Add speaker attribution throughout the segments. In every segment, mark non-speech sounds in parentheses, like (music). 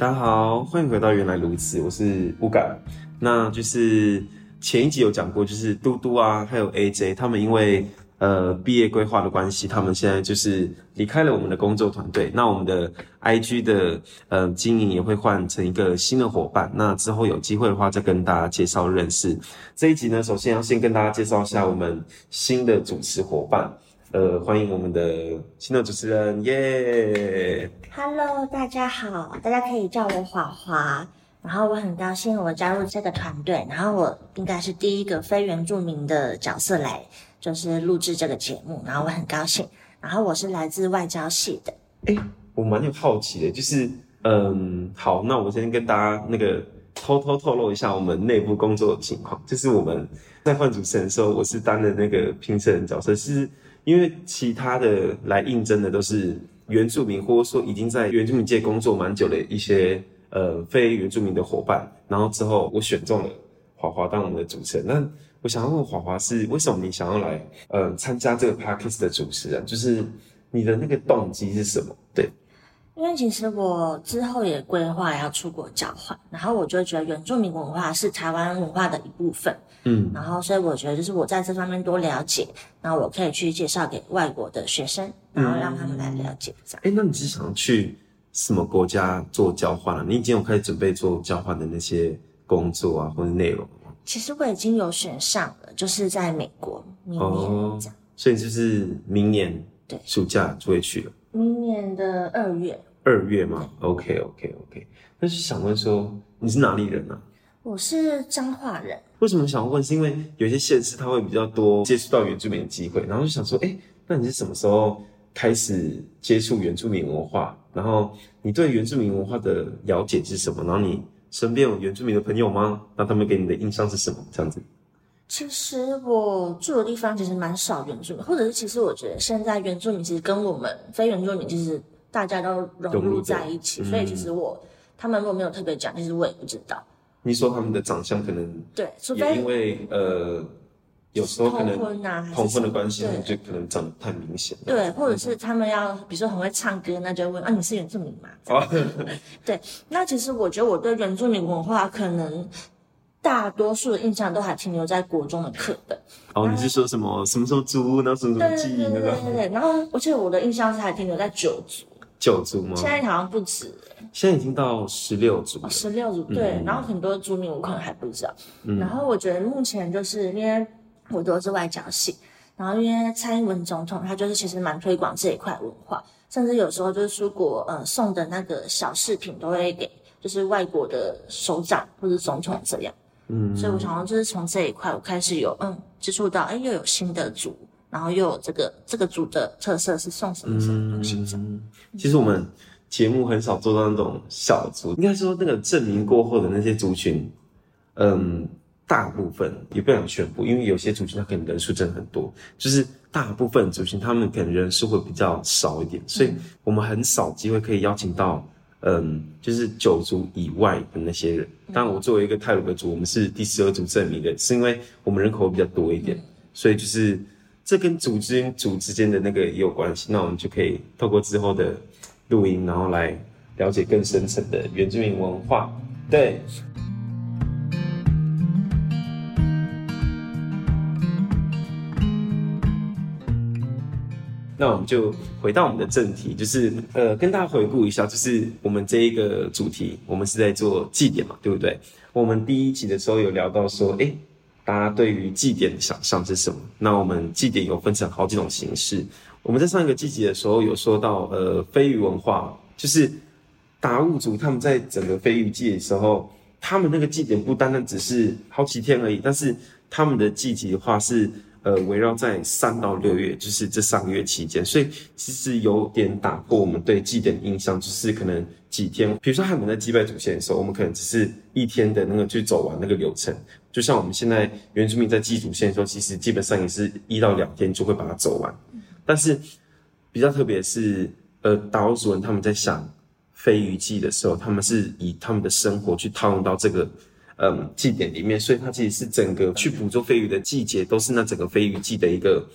Speaker 1: 大家好，歡迎回到《原來如此》，我是 Ukan。那就是前一集有講過，就是嘟嘟啊，還有 AJ，他們因為呃畢業規劃的關係，他們現在就是離開了我們的工作團隊。那我們的 IG 的呃經營也會換成一個新的夥伴。那之後有機會的話，再跟大家介紹認識。這一集呢，首先要先跟大家介紹一下我們新的主持夥伴。呃，歡迎我們的新的主持人耶、yeah!！Hello，
Speaker 2: 大家好，大家可以叫我華華，然後我很高興我加入這個團隊，然後我應該是第一個非原住民的角色來就是錄制這個節目，然後我很高興，然後我是來自外交系的。哎、欸，
Speaker 1: 我蠻有好奇的，就是嗯，好，那我先跟大家那個偷偷透露一下我們內部工作的情況，就是我們在換主持人的時候，我是擔任那個評審的角色，是。因為其他的來應徵的都是原住民，或者說已經在原住民界工作蠻久的一些呃非原住民的夥伴，然後之後我選中了樺樺當我們的主持人。那我想要問樺樺是為什麼你想要來嗯、呃、參加這個 Podcast 的主持人，就是你的那個動機是什麼？對。
Speaker 2: 因為其實我之後也規劃要出國交換，然後我就覺得原住民文化是台灣文化的一部分，嗯，然後所以我覺得就是我在這方面多了解，然後我可以去介紹給外國的學生，嗯、然後讓他們來了解。嗯、這
Speaker 1: 樣。哎、欸，那你是想要去什麼國家做交換了、啊？你已經有開始準備做交換的那些工作啊，或者內容嗎？
Speaker 2: 其實我已經有選上了，就是在美國明
Speaker 1: 年、哦、所以就是明年對暑假就會去了。
Speaker 2: 明年的二月。
Speaker 1: 二月嗎？OK OK OK。但是想問說，嗯、你是哪裡人呢、啊？
Speaker 2: 我是彰化人。
Speaker 1: 為什麼想要問？是因為有些縣市他會比較多接觸到原住民的機會，然後就想說，哎、欸，那你是什麼時候開始接觸原住民文化？然後你對原住民文化的了解是什麼？然後你身邊有原住民的朋友嗎？那他們給你的印象是什麼？這樣子。
Speaker 2: 其實我住的地方其實蠻少原住民，或者是其實我覺得現在原住民其實跟我們非原住民就是。大家都融入在一起，嗯、所以其實我他們如果沒有特別講，其實我也不知道。
Speaker 1: 你說他們的長相可能、嗯、
Speaker 2: 對，除非因
Speaker 1: 為呃有時候可能通婚吶、啊，通婚的關係對就可能長得太明顯了。對，
Speaker 2: 或者是他們要比如說很會唱歌，那就會問啊，你是原住民嗎？哦，對， (laughs) 那其實我覺得我對原住民文化可能大多數的印象都還停留在國中的課本。
Speaker 1: 哦，後你是說什麼什麼時候族呢？什麼什麼記憶那對對對對，然後
Speaker 2: 而且我，我的印象是還停留在九族。
Speaker 1: 九族嗎？現在好
Speaker 2: 像不止、
Speaker 1: 欸，現在已經到
Speaker 2: 十六族，哦、族。十六族對，嗯、然後很多族名我可能還不知道。嗯、然後我覺得目前就是因為，我都是外交系，然後因為蔡英文總統他就是其實蠻推廣這一塊文化，甚至有時候就是出國呃送的那個小飾品都會給，就是外國的首長或者總統這樣。嗯，所以我常常就是從這一塊我開始有嗯接觸到，哎、欸、又有新的族。然後又有這個這個族的特色是送什麼？
Speaker 1: 嗯，其實我們節目很少做到那種小族，嗯、應該是說那個正名過後的那些族群，嗯，大部分也不想全部，因為有些族群他可能人數真的很多，就是大部分族群他們可能人數會比較少一點，嗯、所以我們很少機會可以邀請到，嗯，就是九族以外的那些人。但、嗯、我作為一個太魯閣族，我們是第十二族正名的，是因為我們人口會比較多一點，嗯、所以就是。這跟組織、族之間的那個也有關係，那我們就可以透過之後的錄音，然後來了解更深層的原住民文化。對。嗯、那我們就回到我們的正題，就是呃，跟大家回顧一下，就是我們這一個主題，我們是在做祭典嘛，對不對？我們第一集的時候有聊到說，哎、欸。大家、啊、對於祭典的想象是什麼？那我們祭典有分成好幾種形式。我們在上一個季節的時候有說到，呃，飛魚文化，就是達悟族他們在整個飛魚祭的時候，他們那個祭典不單單只是好幾天而已，但是他們的季節的話是。呃，圍繞在三到六月，就是這三個月期間，所以其實有點打破我們對祭典的印象，就是可能幾天。比如說他們在祭拜祖先的時候，我們可能只是一天的那個去走完那個流程。就像我們現在原住民在祭祖先的時候，其實基本上也是一到兩天就會把它走完。但是比較特別是，呃，達悟族人他們在想飛魚祭的時候，他們是以他們的生活去套用到這個。嗯，祭典裡面，所以它其實是整個去捕捉飛魚的季節，Okay. 都是那整個飛魚祭的一個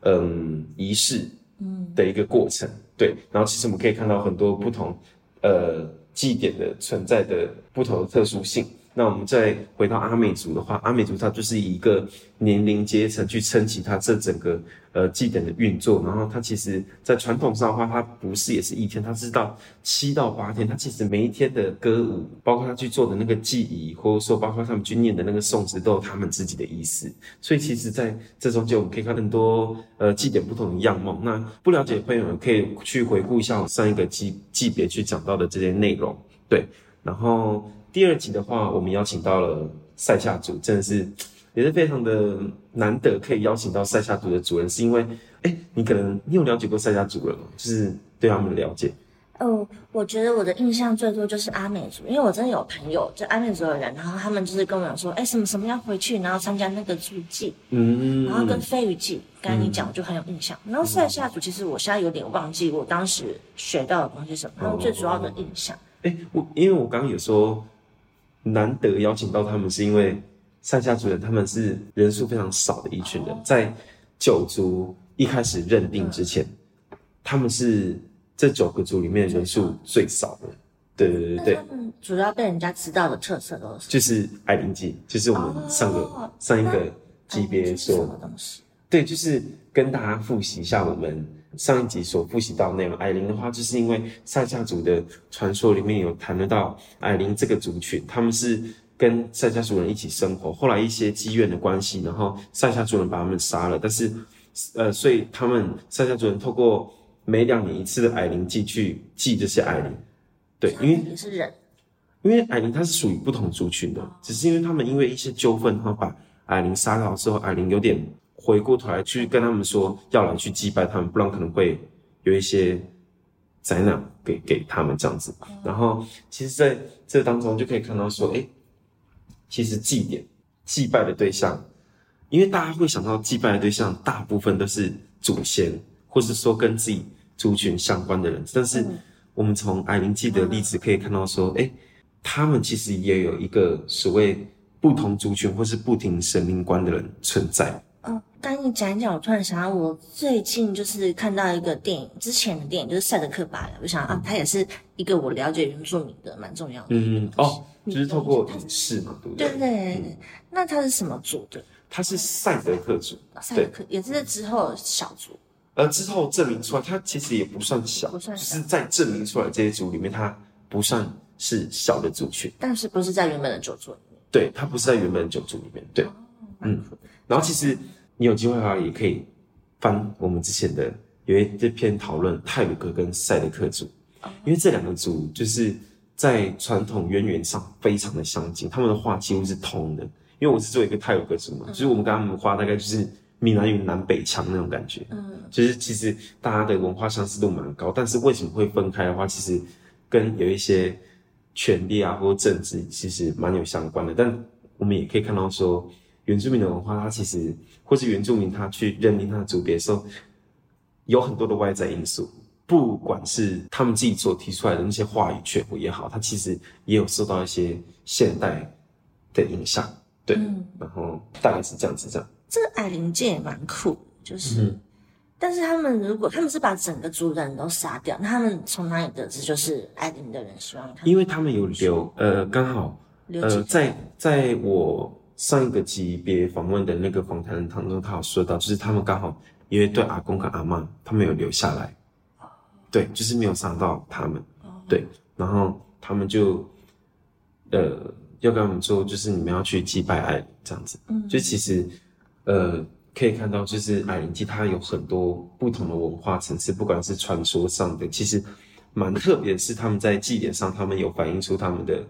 Speaker 1: 嗯儀式嗯的一個過程。嗯、對，然後其實我們可以看到很多不同呃祭典的存在的不同的特殊性。那我們再回到阿美族的話，阿美族它就是一個年齡階層去撐起它這整個呃祭典的運作。然後它其實，在傳統上的話，它不是也是一天，它是到七到八天。它其實每一天的歌舞，包括它去做的那個祭儀，或者說包括他們去念的那個誦詞，都有他們自己的意思。所以其實在這中間，我們可以看很多呃祭典不同的樣貌。那不了解的朋友們可以去回顧一下我上一個級級別去講到的這些內容。對，然後。第二集的話，我們邀請到了賽夏族，真的是也是非常的難得可以邀請到賽夏族的主人，是因為，哎、欸，你可能你有了解過賽夏族人嗎？就是對他們的了解。
Speaker 2: 哦，我覺得我的印象最多就是阿美族，因為我真的有朋友就阿美族的人，然後他們就是跟我講說，哎、欸，什麼什麼要回去，然後參加那個族祭，嗯，然後跟飛魚祭，剛才你講我就很有印象。嗯、然後賽夏族其實我現在有點忘記我當時學到的東西什麼，他們最主要的印象。
Speaker 1: 哎、哦哦欸，我因為我剛剛有說。難得邀請到他們，是因為賽夏族人他們是人數非常少的一群人，在九族一開始認定之前，他們是這九個族裡面人數最少的。對對對，
Speaker 2: 主要被人家知道的特色都
Speaker 1: 是就是矮靈祭，就是我們上個上一個級別說，什麼東西？對，就是跟大家複習一下我們。上一集所複習到內容，矮靈的話，就是因為賽夏族的傳說裡面有談得到矮靈這個族群，他們是跟賽夏族人一起生活，後來一些積怨的關係，然後賽夏族人把他們殺了，但是呃，所以他們賽夏族人透過每兩年一次的矮靈祭去祭這些矮靈，對，因為你是人，因為矮靈它是屬於不同族群的，只是因為他們因為一些糾紛，然後把矮靈殺掉之後，矮靈有點。回過頭來去跟他們說，要來去祭拜他們，不然可能會有一些災難給給他們這樣子。然後，其實在這當中就可以看到說，哎、欸，其實祭典祭拜的對象，因為大家會想到祭拜的對象大部分都是祖先，或是說跟自己族群相關的人。但是，我們從矮靈祭的例子可以看到說，哎、欸，他們其實也有一個所謂不同族群或是不同神靈觀的人存在。
Speaker 2: 嗯，剛你講一講，我突然想到，我最近就是看到一個電影，之前的電影就是賽德克巴萊。我想啊，他也是一個我了解原住民的蠻重要的。
Speaker 1: 嗯嗯哦，就是透過影視嘛，對不對？對
Speaker 2: 對對。那他是什麼族的？他
Speaker 1: 是賽德克族。賽德克
Speaker 2: 也是之後小族。
Speaker 1: 而之後證明出來，他其實也不算小，只是在證明出來這些族裡面，他不算是小的族群。
Speaker 2: 但是不是在原本的九族裡
Speaker 1: 面？對，他不是在原本的九族裡面。對，嗯。然後其實你有機會的話，也可以翻我們之前的，有一這篇討論太魯閣跟賽德克族，因為這兩個族就是在傳統淵源上非常的相近，他們的話幾乎是通的。因為我是做一個太魯閣族嘛，就是我們跟他們話大概就是閩南語南北腔那種感覺，嗯，就是其實大家的文化相似度蠻高，但是為什麼會分開的話，其實跟有一些權力啊或者政治其實蠻有相關的。但我們也可以看到說。原住民的文化，他其實或是原住民，他去認定他的族別的時候，有很多的外在因素，不管是他們自己所提出來的那些話語權也好，他其實也有受到一些現代的影響，對，嗯、然後大概是這樣子這樣。
Speaker 2: 這個矮靈祭也蠻酷，就是，嗯、但是他們如果他們是把整個族人都殺掉，那他們從哪裡得知就是矮靈的人希望
Speaker 1: 他？因為他們有留，說呃，剛好，呃，在在我。嗯上一個級別訪問的那個訪談人當中，他有說到，就是他們剛好因為對阿公跟阿嬤，他們有留下來，對，就是沒有殺到他們，對，然後他們就，呃，要跟我們說，就是你們要去祭拜矮人這樣子，嗯，所以其實，呃，可以看到就是矮人祭，他有很多不同的文化層次，不管是傳說上的，其實蠻特別，是他們在祭典上，他們有反映出他們的。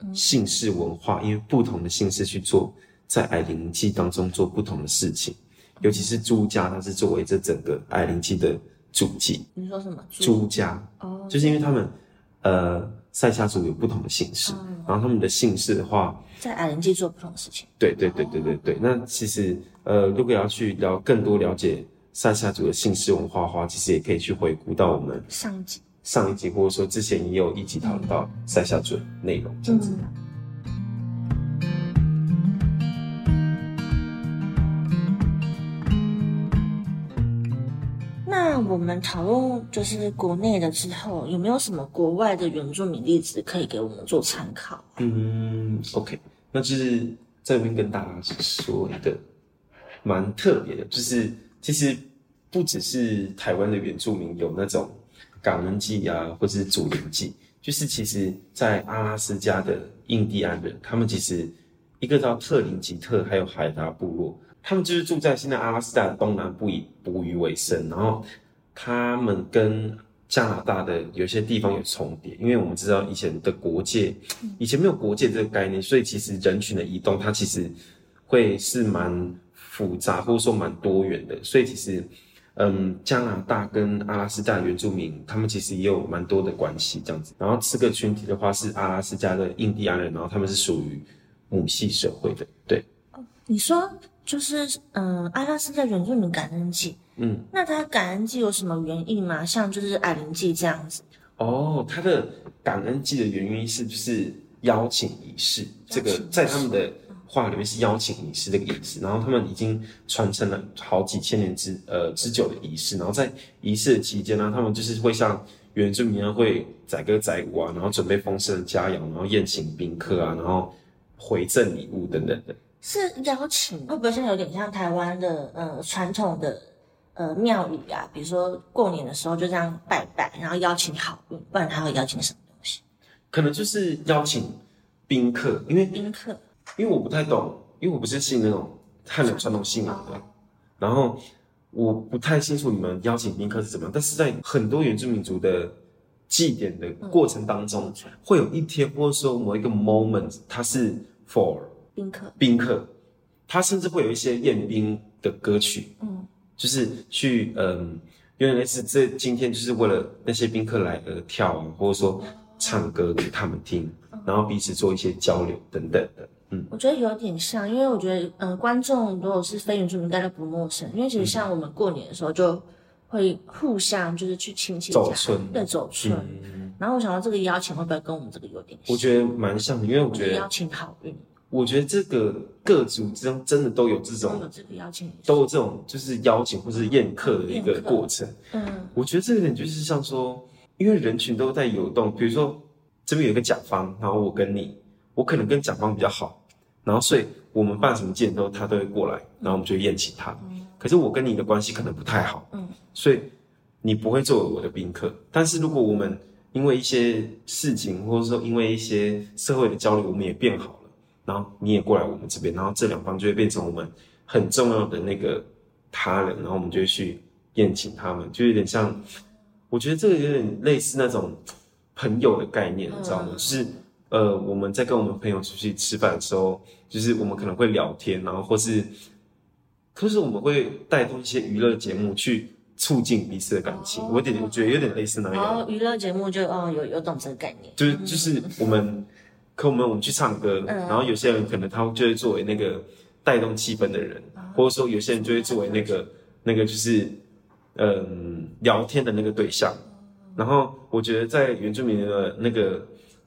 Speaker 1: 嗯、姓氏文化，因為不同的姓氏去做在矮靈祭當中做不同的事情，嗯、尤其是朱家，它是作為這整個矮靈祭的主祭。你
Speaker 2: 說什麼？朱，朱家
Speaker 1: 哦，okay. 就是因為他們，呃，賽夏族有不同的姓氏，哦、然後他們的姓氏的話，
Speaker 2: 在矮靈祭做不同的事情。
Speaker 1: 對對對對對對。哦、那其實，呃，如果要去了更多了解賽夏族的姓氏文化的話，其實也可以去回顧到我們上集。上一集或者說之前也有一集討論到賽夏族內
Speaker 2: 容，這樣子，嗯。那我們討論就是國內的之後，有沒有什麼國外的原住民例子可以給我們做參考
Speaker 1: 啊？嗯，OK，那就是在這邊跟大家說一個蠻特別的，就是其實不只是台灣的原住民有那種。感恩祭啊，或者是祖靈祭，就是其實在阿拉斯加的印第安人，他們其實一個叫特林吉特，還有海達部落，他們就是住在現在阿拉斯加的東南部以捕魚為生，然後他們跟加拿大的有些地方有重疊，因為我們知道以前的國界，以前沒有國界這個概念，所以其實人群的移動，它其實會是蠻複雜，或者說蠻多元的，所以其實。嗯，加拿大跟阿拉斯加的原住民，他們其實也有蠻多的關係這樣子。然後四個群體的話是阿拉斯加的印第安人，然後他們是屬於母系社會的。對，
Speaker 2: 哦，你說就是嗯，阿拉斯加原住民感恩祭，嗯，那他感恩祭有什麼原因嗎？像就是矮靈祭這樣子。
Speaker 1: 哦，他的感恩祭的原因是不、就是邀請儀式？請這個在他們的。話裡面是邀請儀式這個意思，然後他們已經傳承了好幾千年之呃之久的儀式，然後在儀式的期間呢啊，他們就是會像原住民一樣會載歌載舞啊，然後準備豐盛的佳餚，然後宴請賓客啊，然後回贈禮物等等的。
Speaker 2: 是邀請，會不會像有點像台灣的呃傳統的呃廟宇啊？比如說過年的時候就這樣拜拜，然後邀請好運，不然他會邀請什麼東西？可能就是邀
Speaker 1: 請賓客，因為賓客。因為我不太懂，嗯、因為我不是信那種漢人傳統信仰的，嗯、然後我不太清楚你們邀請賓客是怎麼樣。但是在很多原住民族的祭典的過程當中，嗯、會有一天或者說某一個 moment，它是 for 賓客，賓客，它甚至會有一些宴賓的歌曲，嗯，就是去，嗯、呃，原來是這今天就是為了那些賓客來而、呃、跳舞，或者說。唱歌給他們聽，然後彼此做一些交流等等的。嗯，
Speaker 2: 我覺得有點像，因為我覺得，嗯、呃，觀眾如果是非原住民，應該都不陌生。因為其實像我們過年的時候，就會互相就是去親戚家走春，對，走春。嗯、然後我想到這個邀請會不會跟我們這個有點
Speaker 1: 像？我覺得蠻像的，因為我覺得我邀
Speaker 2: 請好運。
Speaker 1: 我覺得這個各族之中真的都有這種有這個邀請，嗯、都有這種就是邀請或是宴客的一個過程。嗯，嗯我覺得這個點就是像說。因為人群都在游動，比如說這邊有一個甲方，然後我跟你，我可能跟甲方比較好，然後所以我們辦什麼宴都他都會過來，然後我們就宴請他。可是我跟你的關係可能不太好，所以你不會作為我的賓客。但是如果我們因為一些事情，或者說因為一些社會的交流，我們也變好了，然後你也過來我們這邊，然後這兩方就會變成我們很重要的那個他人，然後我們就去宴請他們，就有點像。我覺得這個有點類似那種朋友的概念，你、嗯、知道嗎？就是呃，我們在跟我們朋友出去吃飯的時候，就是我們可能會聊天，然後或是，可是我們會帶動一些娛樂節目去促進彼此的感情。哦、我點，我覺得有點類似那樣。娛
Speaker 2: 樂節目就，哦、有有懂這個概念。
Speaker 1: 就是就是我們，可我們我們去唱歌，嗯、然後有些人可能他就會作為那個帶動氣氛的人，嗯、或者說有些人就會作為那個、嗯、那個就是。嗯，聊天的那個對象，然後我覺得在原住民的那個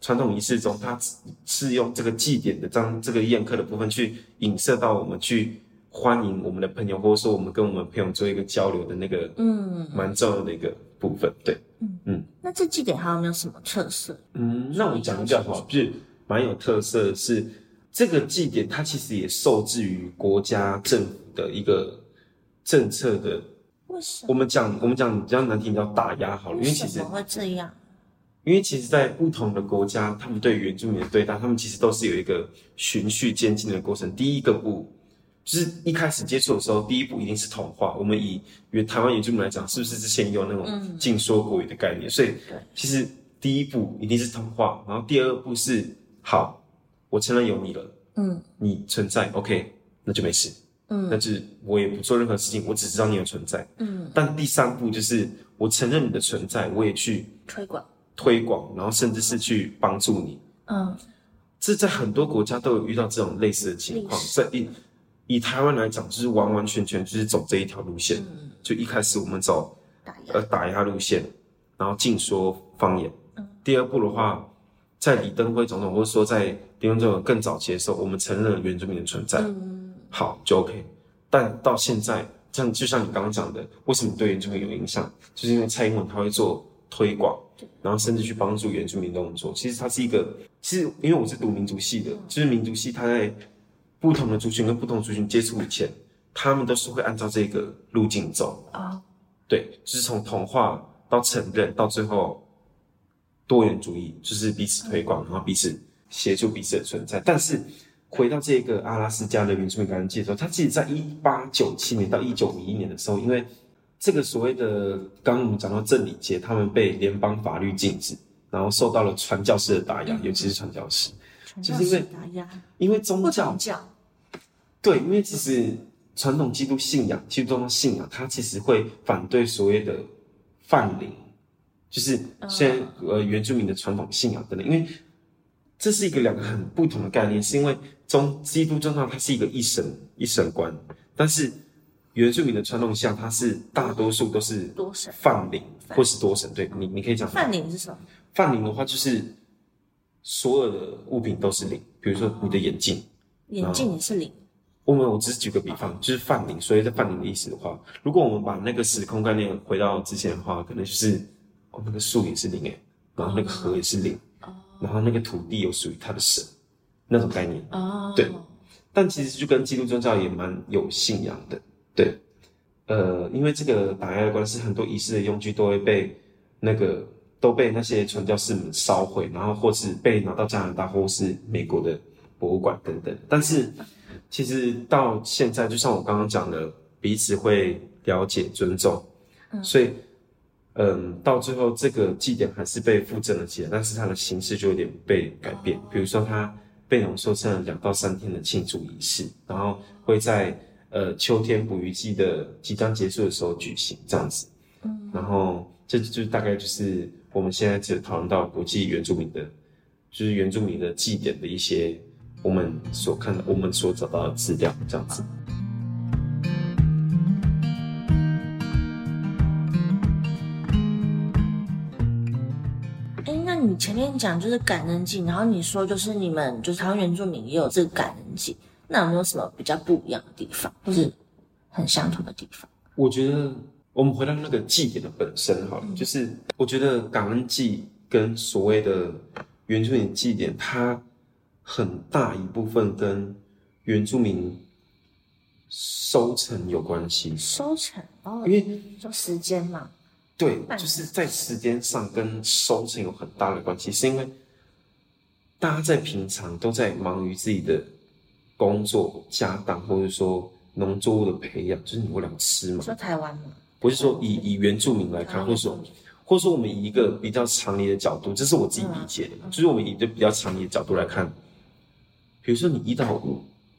Speaker 1: 傳統儀式中，他是用這個祭典的章，這個宴客的部分，去影射到我們去歡迎我們的朋友，或者說我們跟我們朋友做一個交流的那個，
Speaker 2: 嗯，
Speaker 1: 蠻重要的一個部分。嗯、對，嗯
Speaker 2: 嗯，那這祭典還有沒有什麼特色？嗯，那
Speaker 1: 我講一下哈，就是蠻有特色的是，這個祭典它其實也受制於國家政府的一個政策的。為什麼？我們講我們講這樣難聽，叫打壓好了，因為其實怎麼
Speaker 2: 會這樣？
Speaker 1: 因為其實，在不同的國家，他們對原住民的對待，他們其實都是有一個循序漸進的過程。第一個步就是一開始接觸的時候，第一步一定是同化。我們以原台灣原住民來講，是不是之前有那種禁說國語的概念？嗯、所以對其實第一步一定是同化，然後第二步是好，我承認有你了，嗯，你存在，OK，那就沒事。嗯，但是我也不做任何事情，我只知道你的存在。嗯，但第三步就是我承認你的存在，我也去
Speaker 2: 推廣，
Speaker 1: 推廣，然後甚至是去幫助你。嗯，這在很多國家都有遇到這種類似的情況，所以，以台灣來講，就是完完全全就是走這一條路線。嗯，就一開始我們走打壓、呃、打壓路線，然後禁說方言。嗯，第二步的話，在李登輝總統或者說在李登輝總統更早期的時候，我們承認了原住民的存在。嗯。好就 OK，但到現在像就像你剛剛講的，為什麼對原住民有影響？就是因為蔡英文他會做推廣，然後甚至去幫助原住民動作。其實他是一個，其實因為我是讀民族系的，就是民族系他在不同的族群跟不同族群接觸以前，他們都是會按照這個路徑走啊。Oh. 對，就是從同化到承認，到最後多元主義，就是彼此推廣，然後彼此協助彼此的存在。但是。回到這個阿拉斯加的原住民感恩祭的時候，他其實，在一八九七年到一九五一年的時候，因為這個所謂的，剛剛我們講到正禮節，他們被聯邦法律禁止，然後受到了傳教士的打壓，尤其是傳教士，嗯、
Speaker 2: 就是因為打壓，
Speaker 1: 因為宗教，教對，因為其實傳統基督信仰、基督宗教信仰，它其實會反對所謂的泛靈，嗯、就是現呃原住民的傳統信仰等等，因為。這是一個兩個很不同的概念，是因為中，基督宗教它是一個一神一神觀，但是原住民的傳統下它是大多數都是多神泛靈或是多神。對你，你可以講泛靈是什麼？泛靈的話就是所有的物品都是靈，比如說你的眼鏡，眼
Speaker 2: 鏡也是靈。
Speaker 1: 我們我只是舉個比方，好就是泛靈。所以在泛靈的意思的話，如果我們把那個時空概念回到之前的話，可能就是哦那個樹也是靈哎，然後那個河也是靈。嗯然後那個土地有屬於他的神，那種概念啊，對。但其實就跟基督宗教也蠻有信仰的，對。呃，因為這個打壓的關係，很多儀式的用具都會被那個都被那些傳教士們燒毀，然後或是被拿到加拿大，或是美國的博物館等等。但是其實到現在，就像我剛剛講的，彼此會了解、尊重，所以。嗯，到最後這個祭典還是被復振了起來，但是它的形式就有點被改變。比如說，它被濃縮成兩到三天的慶祝儀式，然後會在呃秋天捕魚季的即將結束的時候舉行這樣子。嗯，然後這就是大概就是我們現在只討論到國際原住民的，就是原住民的祭典的一些我們所看的、我們所找到的資料這樣子。
Speaker 2: 你前面講就是感恩祭，然後你說就是你們就是台灣原住民也有這個感恩祭，那有沒有什麼比較不一樣的地方，或是
Speaker 1: 很相同的地方？我覺得我們回到那個祭典的本身哈，嗯、就是我覺得感恩祭跟所謂的原住民祭典，它很大一部分跟原住民收成有關係，
Speaker 2: 收成哦，因為說時間嘛。對，就是
Speaker 1: 在時間上跟收成有很大的關係，是因為大家在平常都在忙於自己的工作、家當，或者說農作物的培養，就是你們倆吃嘛。說台灣嘛，不是說以對以原住民來看，或者說，或者說我們以一個比較常理的角度，這是我自己理解的，嗎就是我們以一個比較常理的角度來看，比如說你一到五對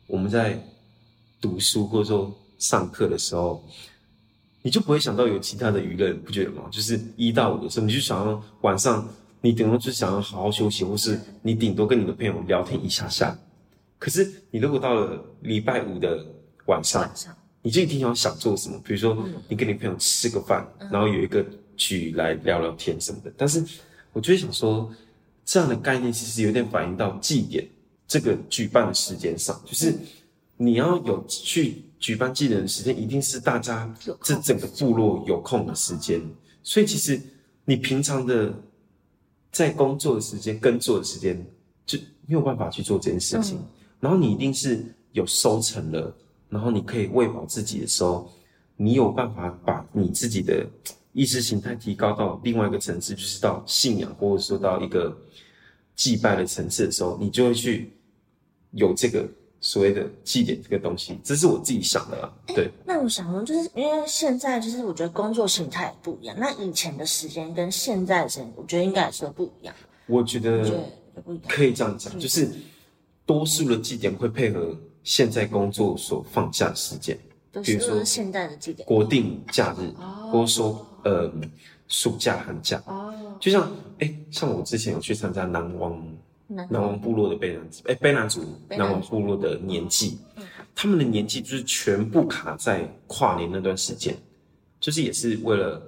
Speaker 1: 我們在讀書或者說上課的時候。你就不會想到有其他的娛樂，不覺得嗎？就是一到五的時候，你就想要晚上，你頂多就想要好好休息，或是你頂多跟你的朋友聊天一下下。可是你如果到了禮拜五的晚上，你就一定要想做什麼？比如說，你跟你朋友吃個飯，然後有一個局來聊聊天什麼的。但是，我就想說，這樣的概念其實有點反映到祭典這個舉辦的時間上，就是。你要有去舉辦祭典的時間，一定是大家這整個部落有空的時間。所以其實你平常的在工作的時間、耕作的時間就沒有辦法去做這件事情。然後你一定是有收成了，然後你可以餵飽自己的時候，你有辦法把你自己的意識形態提高到另外一個層次，就是到信仰或者說到一個祭拜的層次的時候，你就會去有這個。所謂的祭典這個東西，這是我自己想的啦、啊。欸、對，
Speaker 2: 那我想說，就是因為現在就是我覺得工作形態不一樣，那以前的時間跟現在的時間，我覺得應該是都不一樣。
Speaker 1: 我覺得對，也不一樣。可以這樣講，是就是多數的祭典會配合現在工作所放假的時間，嗯、比如說現
Speaker 2: 在的祭典，國
Speaker 1: 定假日，或者、嗯、說嗯、呃、暑假寒假。哦、嗯，就像哎、欸，像我之前有去參加南王。南王部落的卑南，哎、欸，卑南族，南王部落的年祭，嗯、他們的年祭就是全部卡在跨年那段時間，就是也是為了，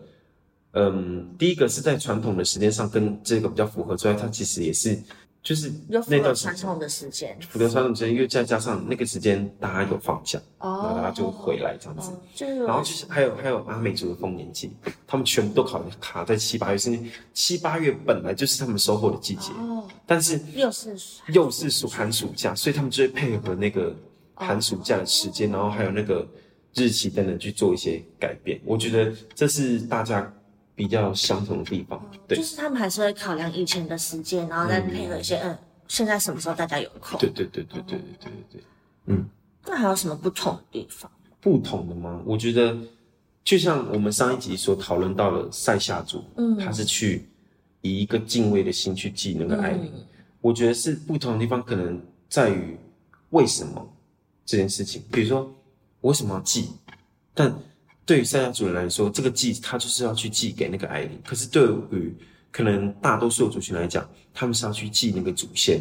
Speaker 1: 嗯，第一個是在傳統的時間上跟這個比較符合之外，它其實也是。就是
Speaker 2: 那段傳統的時間，傳
Speaker 1: 統傳統時間，又再加上那個時間，大家有放假，哦、然後大家就會回來這樣子。
Speaker 2: 哦哦、然後就
Speaker 1: 是還有還有阿美族的豐年祭，他們全部都卡卡在七八月，甚至七八月本來就是他們收穫的季節，哦、但是又是，是又是暑寒暑假，所以他們就會配合那個寒暑假的時間，然後還有那個日期等等去做一些改變。我覺得這是大家。比較相同的地方，對，就是
Speaker 2: 他們還是會考量以前的時間，然後再配合一些，嗯、呃，現在
Speaker 1: 什麼時候大家有空？對對對對對對對
Speaker 2: 對，嗯。那還有什麼不同的地方，嗯？不
Speaker 1: 同的嗎？我覺得，就像我們上一集所討論到的賽夏族，嗯，他是去以一個敬畏的心去祭那個矮靈，嗯，我覺得是不同的地方，可能在於為什麼這件事情，比如說我為什麼要祭但。對於賽夏族人來說，這個祭他就是要去祭給那個矮靈。可是對於可能大多數的族群來講，他們是要去祭那個祖先，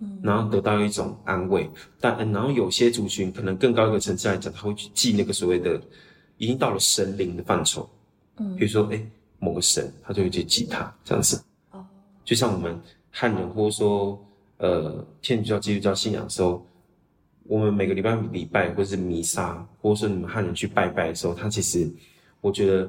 Speaker 1: 嗯，然後得到一種安慰。但、嗯、然後有些族群可能更高一個層次來講，他會去祭那個所謂的已經到了神靈的範疇，嗯，比如說哎某個神，他就會去祭他這樣子。哦，就像我們漢人或者說呃天主教、基督教信仰的時候。我們每個禮拜禮拜，或者是彌撒，或者是你們漢人去拜拜的時候，他其實我覺得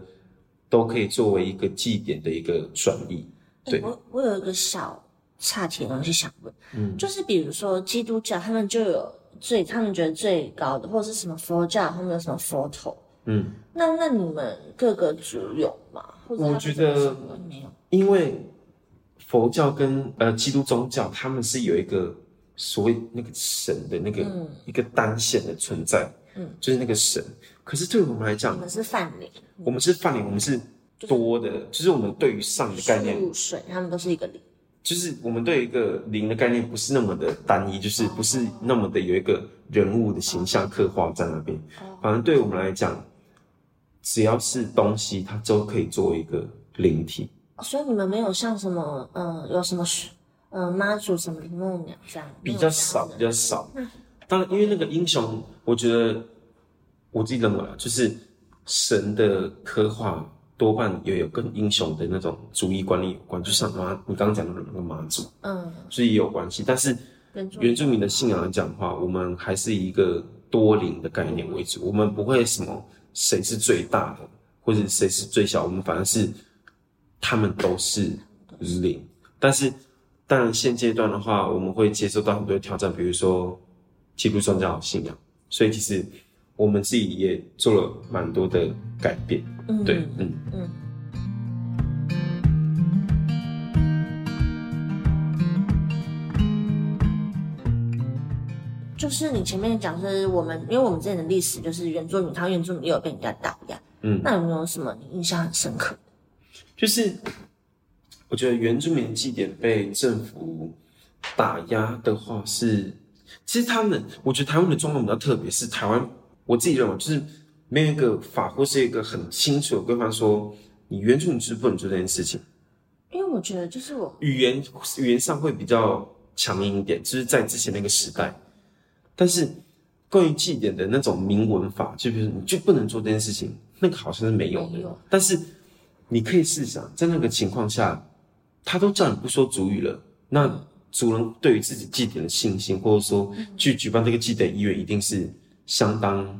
Speaker 1: 都可以作為一個祭典的
Speaker 2: 一個轉移。對，欸、我我有一個小差錢我是想問，嗯，就是比如說基督教他們就有最他們覺得最高的，或者是什麼佛教，他們有什麼佛陀？嗯，那那你們各個族有嗎？我覺得沒有，
Speaker 1: 因為佛教跟呃基督宗教他們是有一個。所謂那個神的那個一個單線的存在，嗯，就是那個神。可是對我們來講，你們、我
Speaker 2: 們是泛靈，
Speaker 1: 嗯、我們是泛靈，我們是多的。就是、就是我們對於上的概念，入
Speaker 2: 水他們都是一個靈。
Speaker 1: 就是我們對一個靈的概念不是那麼的單一，嗯、就是不是那麼的有一個人物的形象刻畫在那邊。哦，反正對我們來講，只要是東西，它都可以作為一個靈體。
Speaker 2: 所以你們沒有像什麼，嗯、呃，有什麼？嗯，媽祖什
Speaker 1: 麼的，這樣比較少，比較少。當然，因為那個英雄，我覺得我自己認為，啊，就是神的刻畫多半也有跟英雄的那種主義觀念有關。就像媽，你剛剛講的那個媽祖，嗯，所以也有關係。但是，
Speaker 2: 原住民的
Speaker 1: 信仰來講的話，我們還是以一個多靈的概念為主。我們不會什麼誰是最大的，或者誰是最小，我們反正是他們都是靈，但是。但現階段的話，我們會接受到很多挑戰，比如說基督宗教信仰，所以其實我們自己也做了蠻多的改變。嗯、
Speaker 2: 對，嗯嗯。就是你前面講，是我們因為我們之前的歷史，就是原住民，他原住民也有被人家打壓。嗯，那有沒有什麼你印象很深刻？就是。
Speaker 1: 我覺得原住民的祭典被政府打壓的話，是其實他們，我覺得台灣的狀況比較特別，是台灣我自己認為就是沒有一個法或是一個很清楚的規範說你原住民是不能做這件事情。
Speaker 2: 因為我覺得就是我
Speaker 1: 語言語言上會比較強硬一點，就是在之前那個時代，但是關於祭典的那種明文法，就比如說你就不能做這件事情，那個好像是沒有的。但是你可以試想，在那個情況下，他都叫你不說族語了，那族人對於自己祭典的信心，或者說去舉辦這個祭典意願，一定是相當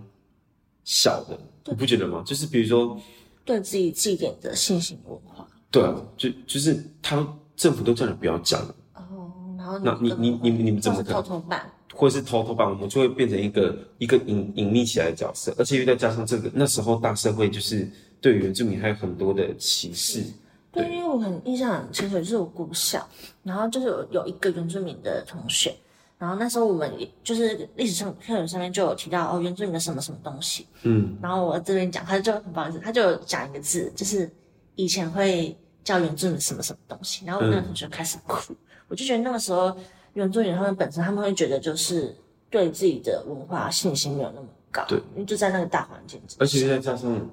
Speaker 1: 小的。嗯、你不覺得嗎？就是比如說，
Speaker 2: 對自己祭典的信心文化，
Speaker 1: 對、啊，嗯、就就是他政府都叫你不要講了。哦、嗯，然後那你你你,你們怎麼可能？
Speaker 2: 嗯、
Speaker 1: 或者是偷偷辦，我們就會變成一個、嗯、一個隱隱秘起來的角色，而且又再加上這個那時候大社會就是對於原住民還有很多的歧視。
Speaker 2: 對，因為我很印象很清楚，就是我國小，然後就是有有一個原住民的同學，然後那時候我們也就是歷史上課本上面就有提到哦，原住民的什麼什麼東西，嗯，然後我這邊講，他就很不好意思，他就講一個字，就是以前會叫原住民什麼什麼東西，然後那個同學開始哭，嗯、我就覺得那個時候原住民他們本身他們會覺得就是對自己的文化信心沒有那麼高，對，因為就在那個大環境之下，而且
Speaker 1: 再加上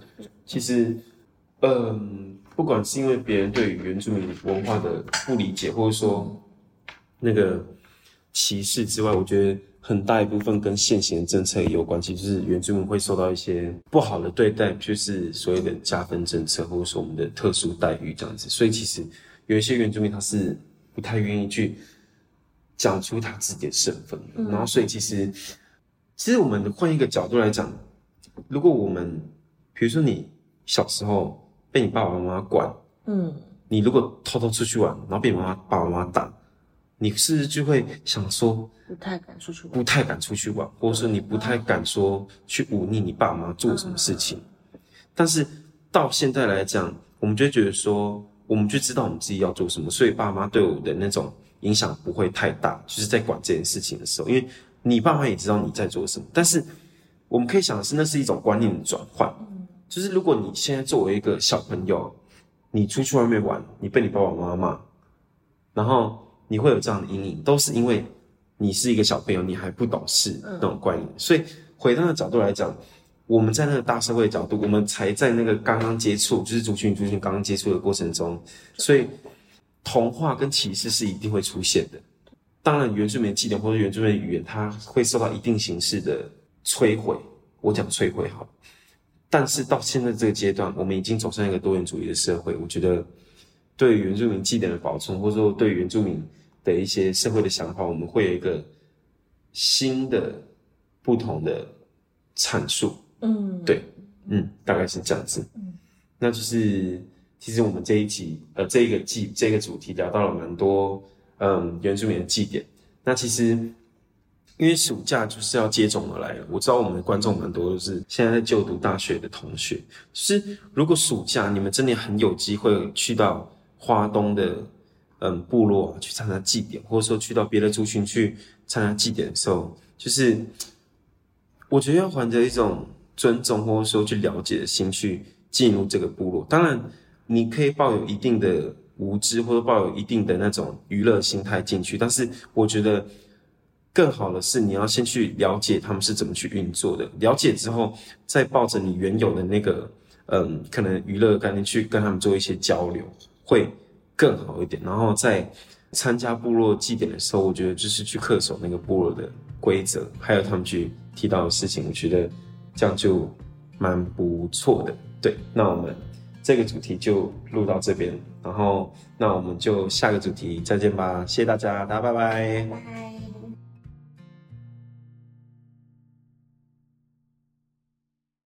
Speaker 1: 其實，嗯。嗯嗯不管是因為別人對於原住民文化的不理解，或者說那個歧視之外，我覺得很大一部分跟現行的政策也有關係，就是原住民會受到一些不好的對待，就是所謂的加分政策，或者說我們的特殊待遇這樣子。所以其實有一些原住民他是不太願意去講出他自己的身份，嗯、然後所以其實其實我們換一個角度來講，如果我們比如說你小時候。被你爸爸媽媽管，嗯，你如果偷偷出去玩，然後被你媽媽、嗯、爸爸媽媽打，你是不是就會想說不
Speaker 2: 太敢出去玩，不
Speaker 1: 太敢出去玩，或者說你不太敢說去忤逆你爸媽做什麼事情。嗯、但是到現在來講，我們就會覺得說，我們就知道我們自己要做什麼，所以爸媽對我的那種影響不會太大，就是在管這件事情的時候，因為你爸媽也知道你在做什麼。但是我們可以想的是，那是一種觀念的轉換。就是如果你現在作為一個小朋友，你出去外面玩，你被你爸爸媽媽罵，然後你會有這樣的陰影，都是因為你是一個小朋友，你還不懂事那種觀念。所以，回到那個角度來講，我們在那個大社會的角度，我們才在那個剛剛接觸，就是族群與族群剛剛接觸的過程中，所以，同化跟歧視是一定會出現的。當然，原住民祭典或者原住民的語言，它會受到一定形式的摧毀。我講摧毀好了。但是到現在這個階段，我們已經走上一個多元主義的社會。我覺得，對原住民祭典的保存，或者說對原住民的一些社會的想法，我們會有一個新的、不同的闡述。嗯，對，嗯，大概是這樣子。嗯，那就是其實我們這一集，呃，這一個季，這個主題聊到了蠻多，嗯，原住民的祭典。那其實。因為暑假就是要接踵而來，我知道我們的觀眾很多都是現在在就讀大學的同學。就是如果暑假你們真的很有機會去到花東的嗯部落去參加祭典，或者說去到別的族群去參加祭典的時候，就是我覺得要懷着一種尊重或者說去了解的心去進入這個部落。當然你可以抱有一定的無知或者抱有一定的那種娛樂心態進去，但是我覺得。更好的是，你要先去了解他們是怎麼去運作的。了解之後，再抱着你原有的那個，嗯，可能娛樂概念去跟他們做一些交流，會更好一點。然後在參加部落祭典的時候，我覺得就是去恪守那個部落的規則，還有他們去提到的事情，我覺得這樣就蠻不錯的。對，那我們這個主題就錄到這邊，然後那我們就下個主題再見吧，謝謝大家，大家拜拜。拜拜